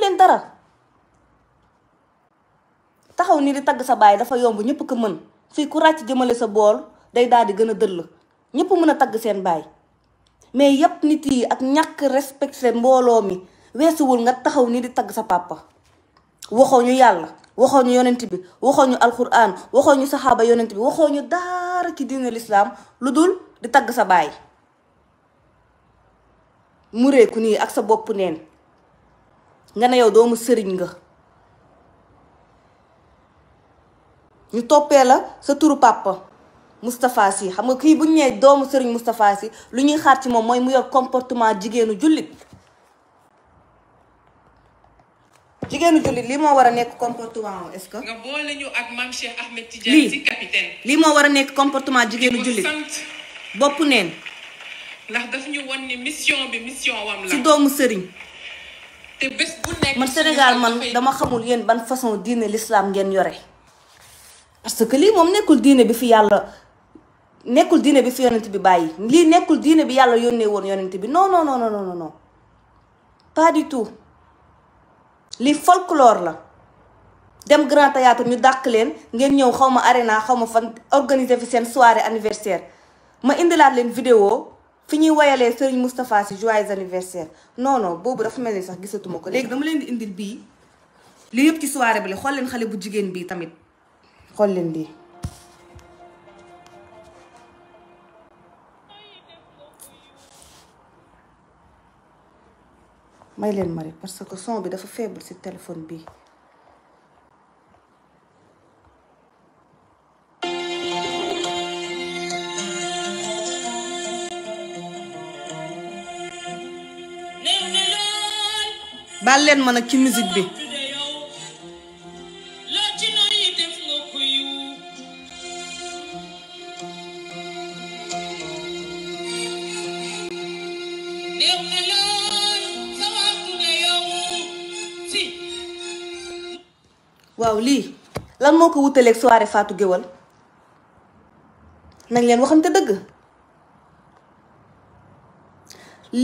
len dara taxaw ni di tag sa baay dafa yomb ñepp ko meun fi ku ràcc jëmele sa bol day daal di gën a dëll ñëpp mën a seen baay mais yep nit yi ak ñàkk respecté mbolo mi nga taxaw ni di tag sa papa waxo ñu yalla waxo ñu yonent bi waxo ñu alxuraan waxo ñu sahaba yonent bi waxo ñu daa dara ci diine l'islam sabai. di tag sa baay ku ni ak sa bop neen nga na yow doomu serign nga ñu topé la sa turu papa Moustapha si xam nga ki bu ñe doomu serign si lu ñuy xaar ci mom moy mu yor comportement jigéenu julit jigéenu jullit lii moo war a nekk comportement est-ce que. nga boole ñu ak maam Cheikh Ahmed Tidiane lii moo war nekk comportement jigéenu jullit boppu neen. ndax daf ñu mission bi mission si doomu sëriñ. te man Sénégal man dama xamul yéen ban façon diine l'islam ngeen yore. parce que lii moom nekkul diine bi fi yàlla nekkul diine bi fi yonent bi bàyyi lii nekkul diine bi yàlla yónnee woon yonent bi non non non non non pas du tout. li folklore la dem grand théâtre ñu dàq leen ngeen ñëw xaw ma arena xaw ma fan organiser fi seen soirée anniversaire ma indilaat leen vidéo fi ñuy woyalee Serigne Moustapha Sy joyeux anniversaire non boobu dafa mel ni sax gisatuma ko léegi dama leen di indil bii li yëpp ci soirée bi la xool leen xale bu jigéen bii tamit xool leen lii may leen ma parce que son bi dafa faible si téléphone bi baal leen ma nag ci musique waaw lii lan moo ko wutaleeg soirée Fatou Guewel nañ leen waxante dëgg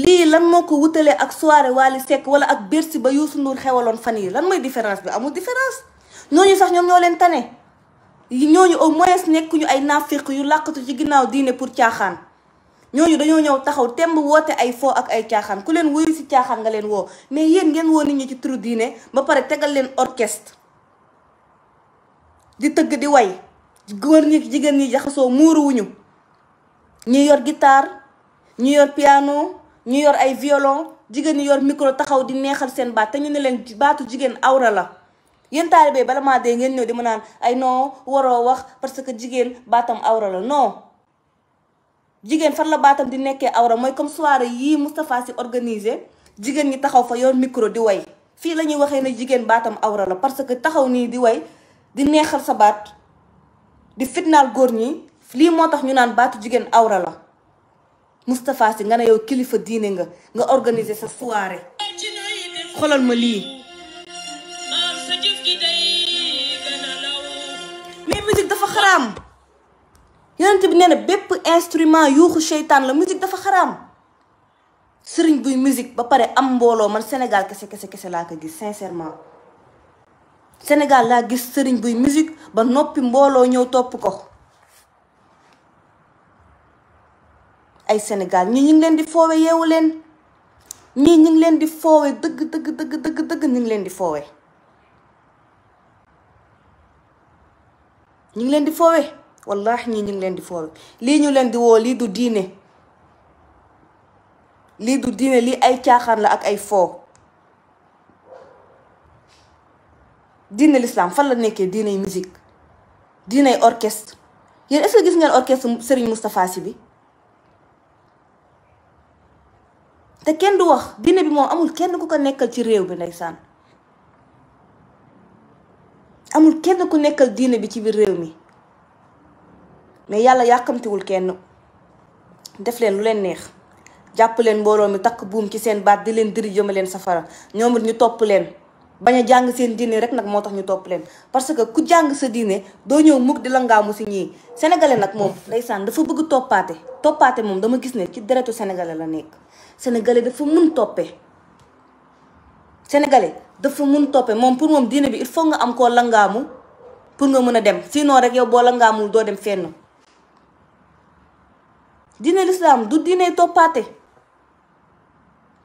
lii lan moo ko wutalee ak soirée Wally Seck wala ak Bercy ba Youssou Ndour xewaloon fan yi lan mooy différence bi amul différence ñooñu sax ñoom ñoo leen tane ñooñu au moins nekkuñu ay naaféq yu làqatu ci ginnaaw diine pour caaxaan ñooñu dañoo ñëw taxaw temb woote ay foo ak ay caaxaan ku leen wuyu ci caaxaan nga leen woo mais yéen ngeen woo nit ñi ci turu diine ba pare tegal leen orchestre di tëgg di way góor ñi jigéen ñi jaxasoo muuruwuñu ñi yor gitaar ñu yor piano ñu yor ay violon jigéen ñi yor micro taxaw di neexal seen baat te ñu ne leen baatu jigéen awra la yéen taalibe bala maa dee ngeen ñëw di ma naan ay non waroo wax parce que jigéen baatam awra la non jigéen fan la baatam di nekkee awra mooy comme soirée yii Moustapha si organisé jigéen ñi taxaw fa yor micro di way fii la ñuy waxee ne jigéen baatam awra la parce que taxaw nii di way di neexal sa baat di fitnaal góor ñi lii moo tax ñu naan baatu jigéen awra la Moustapha Sy nga ne yow kilifa diine nga nga organiser sa soirée xolal ma lii mais musique dafa xaraam yonent bi nee na bépp instrument yuuxu seytaan la musique dafa xaraam sëriñ buy musique ba pare am mbooloo man Sénégal kese kese kese laa ko gis sincèrement Sénégal laa gis sëriñ buy musique ba noppi mbooloo ñëw topp ko ay Sénégal ñii ñu ngi leen di foowe yeewu leen ñii ñu ngi leen di foowe dëgg dëgg dëgg dëgg dëgg leen di foowe leen di foowe ñii leen di foowe lii ñu leen di woo lii du diine lii du diine lii ay caaxaan la ak ay foo diine l'islam fan la nekkee diiney musique diiney orchestre yéen est-ce que gis ngeen orchestre Serigne Moustapha Sy bi te kenn du wax diine bi moom amul kenn ku ko nekkal ci réew bi ndeysaan amul kenn ku nekkal diine bi ci biir réew mi mais yàlla yàkkamtiwul kenn def leen lu leen neex jàpp leen mbooloo mi takk buum ci seen baat di leen diri jëma leen safara ñoom it ñu topp leen bañ a jàng seen diine rek nag moo tax ñu topp leen parce que ku jàng sa diine doo ñëw mukk di la ngaamu si ñii sénégalais nag moom ndeysaan dafa bëgg toppaate toppaate moom dama gis ne ci deretu sénégalais la nekk sénégalais dafa mun toppee sénégalais dafa mun toppe moom pour moom diine bi il faut nga am koo langaamu pour nga mën a dem sinon rek yow boo langaamul doo dem fenn diine lislaam du diine toppaate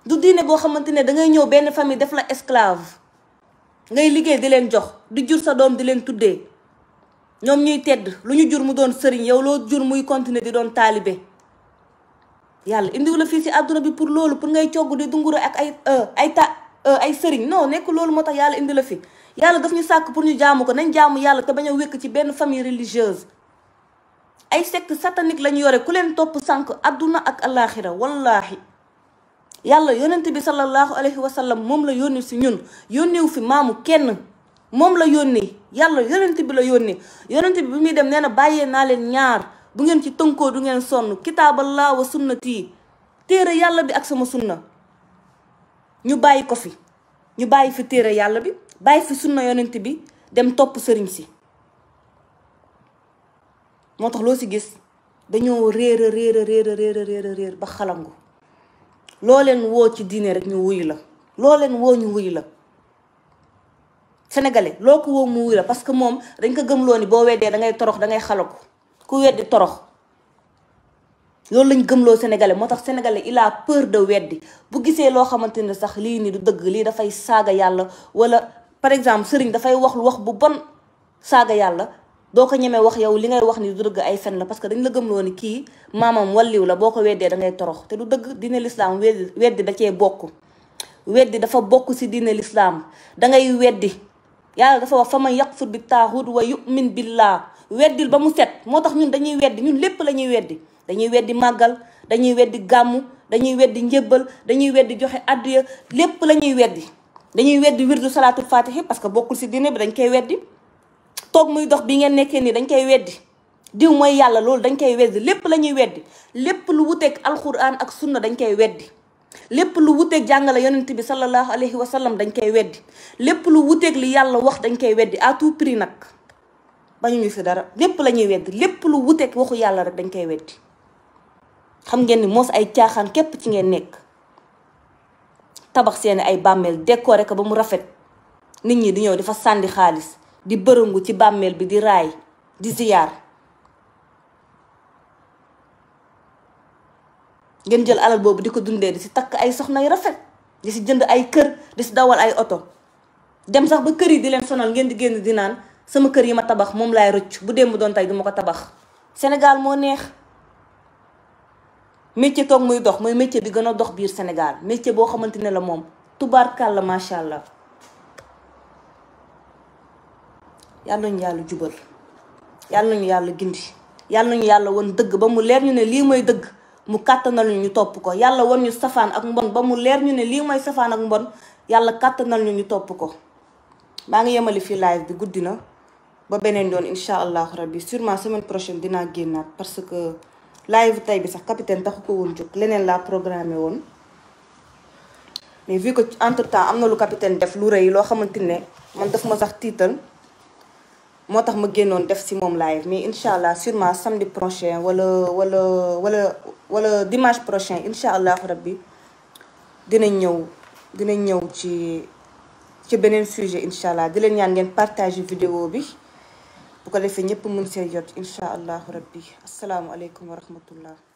du diine boo xamante ne dangay ñëw benn famille def la esclave ngay liggéey di leen jox di jur sa doom di leen tuddee ñoom ñuy tedd lu ñu jur mu doon sëriñ yow loo jur muy continuer di doon taalibe yàlla indiw la fii si àdduna bi pour loolu pour ngay cogg di dunguro ak ay euh, ay ta euh, ay sëriñ non nekk loolu moo tax yàlla indi la fi yàlla daf ñu sàkk pour ñu jaamu ko nañ jaamu yàlla te ba a wékk ci benn famille religieuse ay secte satanique lañu yore ku leen topp sànq àdduna ak alaaxira wallaahi yàlla yonent bi sallallahu alayhi wa sallam moom la yónni si ñun yónnewu fi maamu kenn moom la yónni yàlla yonent bi la yónni yonent bi bi muy dem nee bàyyee naa leen ñaar bu ngeen ci tënkoo du ngeen sonn kitaaballah wa sunnati téere yàlla bi ak sama sunna ñu bàyyi ko fi ñu bàyyi fi téere yàlla bi bàyyi fi sunna yonent bi dem topp sëriñ si moo tax loo si gis dañoo réer a réer a ba xalangu loo leen woo ci diine rek ñu wuy la loo leen woo ñu wuy la sénégalais loo ko woo mu wuyu la parce que moom dañ ko gëm loo ni boo weddee da ngay torox da ngay xalaku ku weddi torox loolu lañ loo sénégalais moo tax sénégalais il a peur de weddi bu gisee loo xamante ne sax lii nii du dëgg lii dafay saaga yàlla wala par exemple sëriñ dafay wax lu wax bu bon saaga yàlla doo ko ñemee wax yow li ngay wax ni du dëgg ay fen la parce que dañ la gëmloo ni kii maamam walliw la boo ko weddee da torox te du dëgg diine lislaam weddi weddi da cee bokk weddi dafa bokk si diine lislaam dangay weddi yàlla dafa wax fa man yaqfur bi taaxut wa yumin billah weddil ba mu set moo tax ñun dañuy weddi ñun lépp la ñuy weddi dañuy weddi màggal dañuy weddi gàmmu dañuy weddi njébbal dañuy weddi joxe addiya lépp la ñuy weddi dañuy weddi wirdu salaatul fatihi parce que bokkul si diine bi dañ koy weddi toog muy dox bi ngeen nekkee nii dañ koy weddi diw mooy yàlla loolu dañ koy weddi lépp la ñuy weddi lépp lu wuteeg alxuraan ak sunna dañ koy weddi lépp lu wuteeg jàngale yonent bi sallallahu alayhi wa sallam dañ koy weddi lépp lu wuteeg li yàlla wax dañ koy weddi à tout prix nag bañu ñu fi dara lépp la ñuy weddi lépp lu wuteeg waxu yàlla rek dañ koy weddi xam ngeen ni moos ay caaxaan képp ci ngeen nekk tabax seeni ay bàmmeel décoré ko ba mu rafet nit ñi di ñëw dafa fa sànni xaalis di bërëngu ci bàmmeel bi di raay di ziyaar ngeen jël alal boobu di ko dundee di si takk ay soxna yu rafet di si jënd ay kër di si dawal ay oto dem sax ba kër yi di leen sonal ngeen di génn di naan sama kër yi ma tabax moom laay rëcc bu démb doon tey duma ko tabax Sénégal moo neex métier toog muy dox mooy métier bi gën a dox biir Sénégal métier boo xamante ne la moom tubaar tubaarkàlla macha allah. yàlla nañu yàlla jubal yàlla nañu yàlla gindi yàlla nañu yàlla won dëgg ba mu leer ñu ne lii mooy dëgg mu kàttanal ñu ñu topp ko yàlla woon ñu safaan ak mbon ba mu leer ñu ne lii mooy safaan ak mbon yàlla kàttanal ñu ñu topp ko maa ngi yemali fii live bi guddi na ba beneen yoon incha allahu rabbi sûrement semaine prochaine dinaa génnaat parce que live tey bi sax capitaine taxu ko woon jóg leneen laa programme woon mais vu que entre temps am na lu capitaine def lu rëy loo xamante ne man daf ma sax moi tax ma génnoon def si mon live mais inshallah sûrement samedi prochain wala wala wala wala dimanche prochain inshallah rabbi dina ñëw dina ñëw ci ci benen sujet inshallah allah di leen ñaan ngeen partager vidéo bi bu ko defee ñëpp mun sé jot inshallah rabbi Assalamu alaykum wa rahmatullah